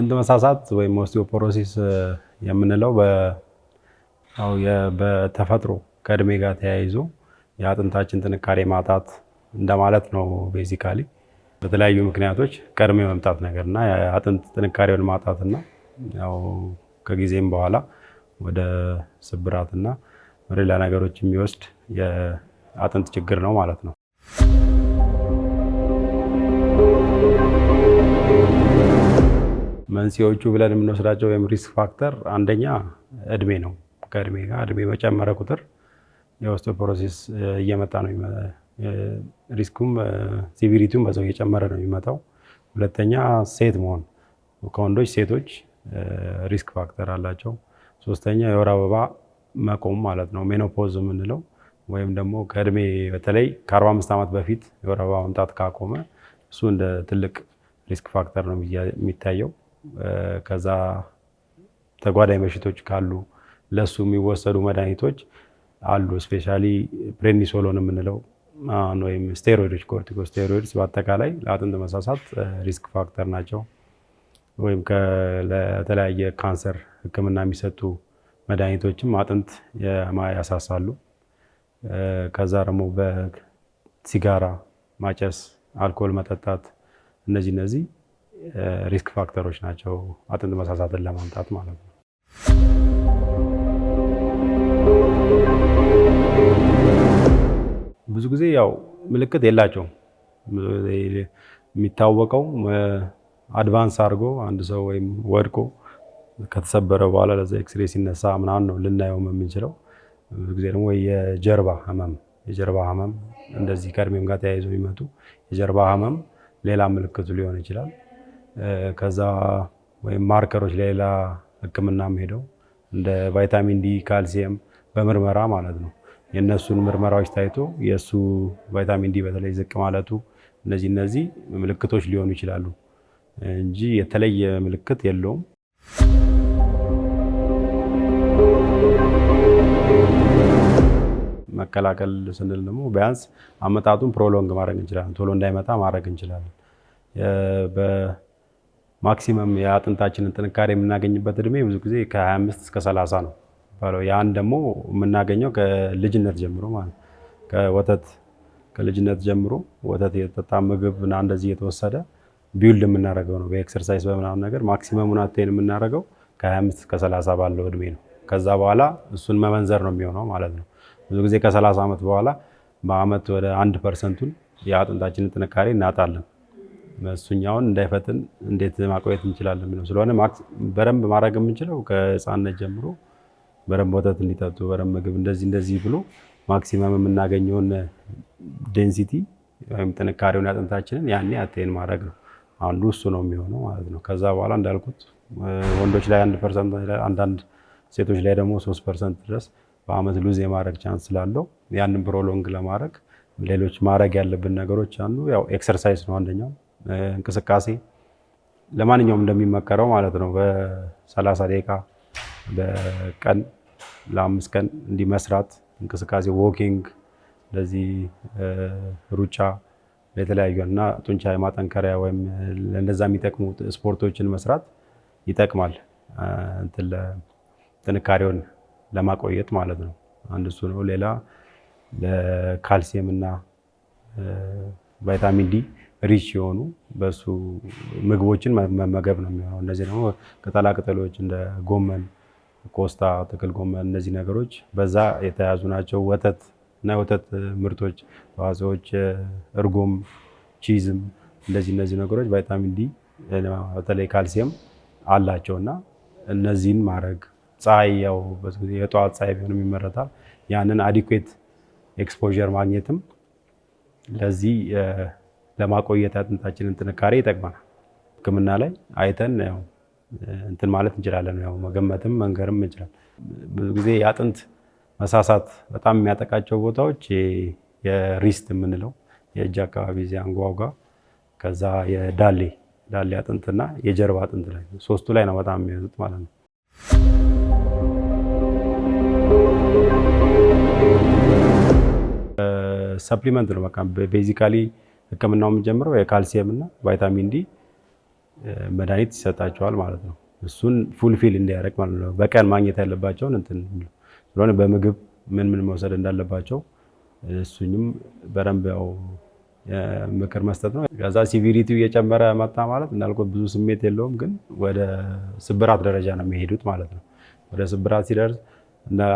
አጥንት መሳሳት ወይም ኦስቲዮፖሮሲስ የምንለው በተፈጥሮ ከእድሜ ጋር ተያይዞ የአጥንታችን ጥንካሬ ማጣት እንደማለት ነው። ቤዚካሊ በተለያዩ ምክንያቶች ቀድሞ የመምጣት ነገር እና የአጥንት ጥንካሬውን ማጣትና ያው ከጊዜም በኋላ ወደ ስብራትና ወደ ሌላ ነገሮች የሚወስድ የአጥንት ችግር ነው ማለት ነው። መንስኤዎቹ ብለን የምንወስዳቸው ወይም ሪስክ ፋክተር አንደኛ እድሜ ነው። ከእድሜ ጋር እድሜ በጨመረ ቁጥር የኦስቲዮፖሮሲስ እየመጣ ነው። ሪስኩም ሲቪሪቲውም በሰው እየጨመረ ነው የሚመጣው። ሁለተኛ ሴት መሆን፣ ከወንዶች ሴቶች ሪስክ ፋክተር አላቸው። ሶስተኛ የወር አበባ መቆም ማለት ነው ሜኖፖዝ የምንለው ወይም ደግሞ ከእድሜ በተለይ ከ45 ዓመት በፊት የወር አበባ መምጣት ካቆመ እሱ እንደ ትልቅ ሪስክ ፋክተር ነው የሚታየው። ከዛ ተጓዳኝ በሽቶች ካሉ ለሱ የሚወሰዱ መድኃኒቶች አሉ። ስፔሻሊ ፕሬኒሶሎን የምንለው ወይም ስቴሮይዶች፣ ኮርቲኮስቴሮይድስ በአጠቃላይ ለአጥንት መሳሳት ሪስክ ፋክተር ናቸው። ወይም ለተለያየ ካንሰር ህክምና የሚሰጡ መድኃኒቶችም አጥንት ያሳሳሉ። ከዛ ደግሞ በሲጋራ ማጨስ፣ አልኮል መጠጣት እነዚህ እነዚህ ሪስክ ፋክተሮች ናቸው፣ አጥንት መሳሳትን ለማምጣት ማለት ነው። ብዙ ጊዜ ያው ምልክት የላቸውም። የሚታወቀው አድቫንስ አድርጎ አንድ ሰው ወይም ወድቆ ከተሰበረ በኋላ ለዛ ኤክስሬ ሲነሳ ምናምን ነው ልናየውም የምንችለው። ብዙ ጊዜ ደግሞ የጀርባ ህመም የጀርባ ህመም እንደዚህ ከእድሜም ጋር ተያይዞ የሚመጡ የጀርባ ህመም ሌላ ምልክቱ ሊሆን ይችላል። ከዛ ወይም ማርከሮች ሌላ ህክምናም ሄደው እንደ ቫይታሚን ዲ፣ ካልሲየም በምርመራ ማለት ነው። የእነሱን ምርመራዎች ታይቶ የእሱ ቫይታሚን ዲ በተለይ ዝቅ ማለቱ እነዚህ እነዚህ ምልክቶች ሊሆኑ ይችላሉ እንጂ የተለየ ምልክት የለውም። መከላከል ስንል ደግሞ ቢያንስ አመጣጡን ፕሮሎንግ ማድረግ እንችላለን፣ ቶሎ እንዳይመጣ ማድረግ እንችላለን። ማክሲመም የአጥንታችንን ጥንካሬ የምናገኝበት እድሜ ብዙ ጊዜ ከ25 እስከ 30 ነው ባለው ያን ደግሞ የምናገኘው ከልጅነት ጀምሮ ማለት ከወተት ከልጅነት ጀምሮ ወተት የተጠጣ ምግብ እና እንደዚህ የተወሰደ ቢውልድ የምናደርገው ነው። በኤክሰርሳይዝ በምናምን ነገር ማክሲመም ናቴን የምናደርገው ከ25 እስከ 30 ባለው እድሜ ነው። ከዛ በኋላ እሱን መመንዘር ነው የሚሆነው ማለት ነው። ብዙ ጊዜ ከ30 ዓመት በኋላ በአመት ወደ አንድ ፐርሰንቱን የአጥንታችንን ጥንካሬ እናጣለን። እሱኛውን እንዳይፈትን እንዴት ማቆየት እንችላለን የሚለው ስለሆነ በረንብ ማድረግ የምንችለው ከህፃነት ጀምሮ በረንብ ወተት እንዲጠጡ በረንብ ምግብ እንደዚህ እንደዚህ ብሎ ማክሲመም የምናገኘውን ዴንሲቲ ወይም ጥንካሬውን ያጥንታችንን ያኔ አቴን ማድረግ ነው። አንዱ እሱ ነው የሚሆነው ማለት ነው። ከዛ በኋላ እንዳልኩት ወንዶች ላይ አንድ ፐርሰንት አንዳንድ ሴቶች ላይ ደግሞ ሶስት ፐርሰንት ድረስ በአመት ሉዝ የማድረግ ቻንስ ስላለው ያንን ፕሮሎንግ ለማድረግ ሌሎች ማድረግ ያለብን ነገሮች አንዱ ያው ኤክሰርሳይዝ ነው አንደኛው። እንቅስቃሴ ለማንኛውም እንደሚመከረው ማለት ነው በሰላሳ ደቂቃ በቀን ለአምስት ቀን እንዲመስራት እንቅስቃሴ ዎኪንግ፣ እንደዚህ ሩጫ የተለያዩ እና ጡንቻ ማጠንከሪያ ወይም ለእንደዛ የሚጠቅሙ ስፖርቶችን መስራት ይጠቅማል። ጥንካሬውን ለማቆየት ማለት ነው። አንድ እሱ ነው። ሌላ ለካልሲየም እና ቫይታሚን ዲ ሪች የሆኑ በሱ ምግቦችን መመገብ ነው የሚሆነው። እነዚህ ደግሞ ቅጠላ ቅጠሎች እንደ ጎመን፣ ኮስታ፣ ጥቅል ጎመን እነዚህ ነገሮች በዛ የተያዙ ናቸው። ወተት እና የወተት ምርቶች ተዋጽኦዎች፣ እርጎም፣ ቺዝም እንደዚህ እነዚህ ነገሮች ቫይታሚን ዲ በተለይ ካልሲየም አላቸው እና እነዚህን ማድረግ ፀሐይ ያው የጠዋት ፀሐይ ቢሆንም ይመረታል። ያንን አዲኩዌት ኤክስፖዠር ማግኘትም ለዚህ ለማቆየት አጥንታችንን ጥንካሬ ይጠቅመናል። ሕክምና ላይ አይተን ያው እንትን ማለት እንችላለን። ያው መገመትም መንገርም እንችላል። ብዙ ጊዜ የአጥንት መሳሳት በጣም የሚያጠቃቸው ቦታዎች የሪስት የምንለው የእጅ አካባቢ እዚህ አንጓጓ፣ ከዛ የዳሌ ዳሌ አጥንትና የጀርባ አጥንት ላይ ሶስቱ ላይ ነው በጣም የሚያዙት ማለት ነው። ሰፕሊመንት ነው በቃ ቤዚካሊ ህክምናው የሚጀምረው የካልሲየም እና ቫይታሚን ዲ መድኃኒት ይሰጣቸዋል ማለት ነው። እሱን ፉልፊል እንዲያደርግ ማለት ነው። በቀን ማግኘት ያለባቸውን እንትን ስለሆነ በምግብ ምን ምን መውሰድ እንዳለባቸው እሱኝም በደንብ ያው ምክር መስጠት ነው። ከዛ ሲቪሪቲው እየጨመረ መጣ ማለት እንዳልኩት ብዙ ስሜት የለውም፣ ግን ወደ ስብራት ደረጃ ነው የሚሄዱት ማለት ነው። ወደ ስብራት ሲደርስ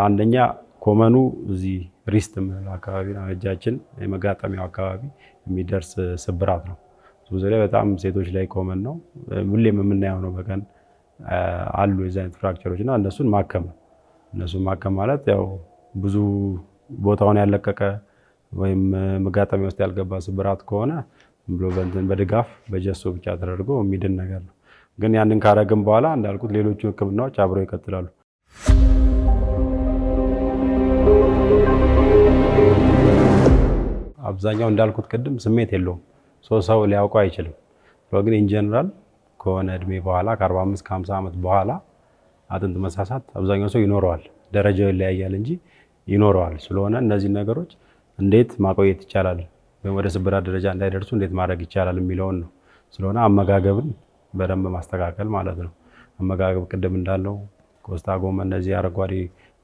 አንደኛ ኮመኑ እዚህ ሪስት የምንለው አካባቢ ነው። እጃችን የመጋጠሚያው አካባቢ የሚደርስ ስብራት ነው። ብዙ ላይ በጣም ሴቶች ላይ ኮመን ነው። ሁሌም የምናየው ነው። በቀን አሉ የዚ አይነት ፍራክቸሮች እና እነሱን ማከም ነው። እነሱን ማከም ማለት ያው ብዙ ቦታውን ያለቀቀ ወይም መጋጠሚያ ውስጥ ያልገባ ስብራት ከሆነ ብሎ በእንትን በድጋፍ በጀሶ ብቻ ተደርጎ የሚድን ነገር ነው። ግን ያንን ካረግን በኋላ እንዳልኩት ሌሎቹ ህክምናዎች አብረው ይቀጥላሉ። አብዛኛው እንዳልኩት ቅድም ስሜት የለውም ሰው ሰው ሊያውቀው አይችልም። ግን ኢንጀነራል ከሆነ እድሜ በኋላ ከ45 ከ50 ዓመት በኋላ አጥንት መሳሳት አብዛኛው ሰው ይኖረዋል። ደረጃው ይለያያል እንጂ ይኖረዋል። ስለሆነ እነዚህ ነገሮች እንዴት ማቆየት ይቻላል ወይም ወደ ስብራት ደረጃ እንዳይደርሱ እንዴት ማድረግ ይቻላል የሚለውን ነው። ስለሆነ አመጋገብን በደንብ ማስተካከል ማለት ነው። አመጋገብ ቅድም እንዳለው ቆስጣ፣ ጎመን፣ እነዚህ አረንጓዴ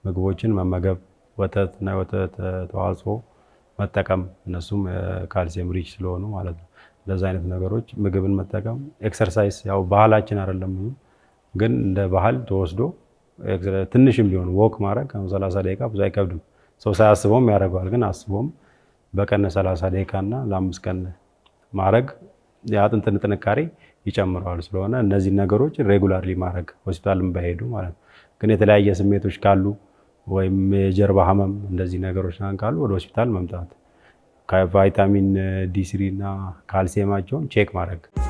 ምግቦችን መመገብ፣ ወተት እና የወተት ተዋጽኦ መጠቀም እነሱም ካልሲየም ሪች ስለሆኑ ማለት ነው። እንደዚ አይነት ነገሮች ምግብን መጠቀም ኤክሰርሳይዝ፣ ያው ባህላችን አይደለም ግን እንደ ባህል ተወስዶ ትንሽም ቢሆን ወክ ማድረግ ከ30 ደቂቃ ብዙ አይከብድም። ሰው ሳያስበውም ያደርገዋል። ግን አስቦም በቀን 30 ደቂቃ እና ለአምስት ቀን ማድረግ የአጥንትን ጥንካሬ ይጨምረዋል። ስለሆነ እነዚህ ነገሮች ሬጉላርሊ ማድረግ ሆስፒታልም ባይሄዱ ማለት ነው። ግን የተለያየ ስሜቶች ካሉ ወይም የጀርባ ህመም እንደዚህ ነገሮች ካሉ ወደ ሆስፒታል መምጣት ከቫይታሚን ዲ ስሪ እና ካልሲየማቸውን ቼክ ማድረግ